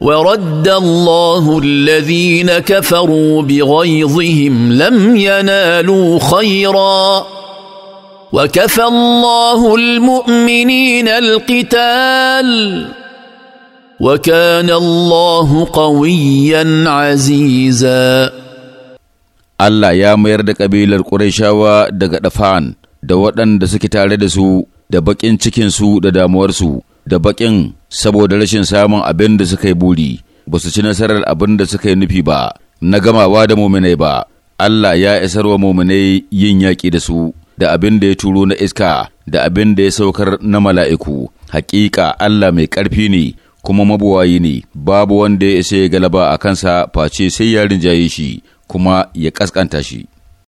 ورد الله الذين كفروا بغيظهم لم ينالوا خيرا وكفى الله المؤمنين القتال وكان الله قويا عزيزا الله يا مير دا قبيل القريشة و دا قدفان دا ودن دا سكتار دا سو دا بكين چكين سو دا دا مور سو da baƙin saboda rashin samun abin da suka yi buri ba su ci nasarar abin da suka yi nufi ba na gamawa da muminai ba Allah ya isar wa muminai yin yaƙi da su da abin da ya turo na iska da abin da ya saukar na mala'iku Haƙiƙa Allah mai ƙarfi ne kuma mabuwayi ne babu wanda ya isa ya galaba a kansa face sai ya rinjaye shi kuma ya ƙasƙanta shi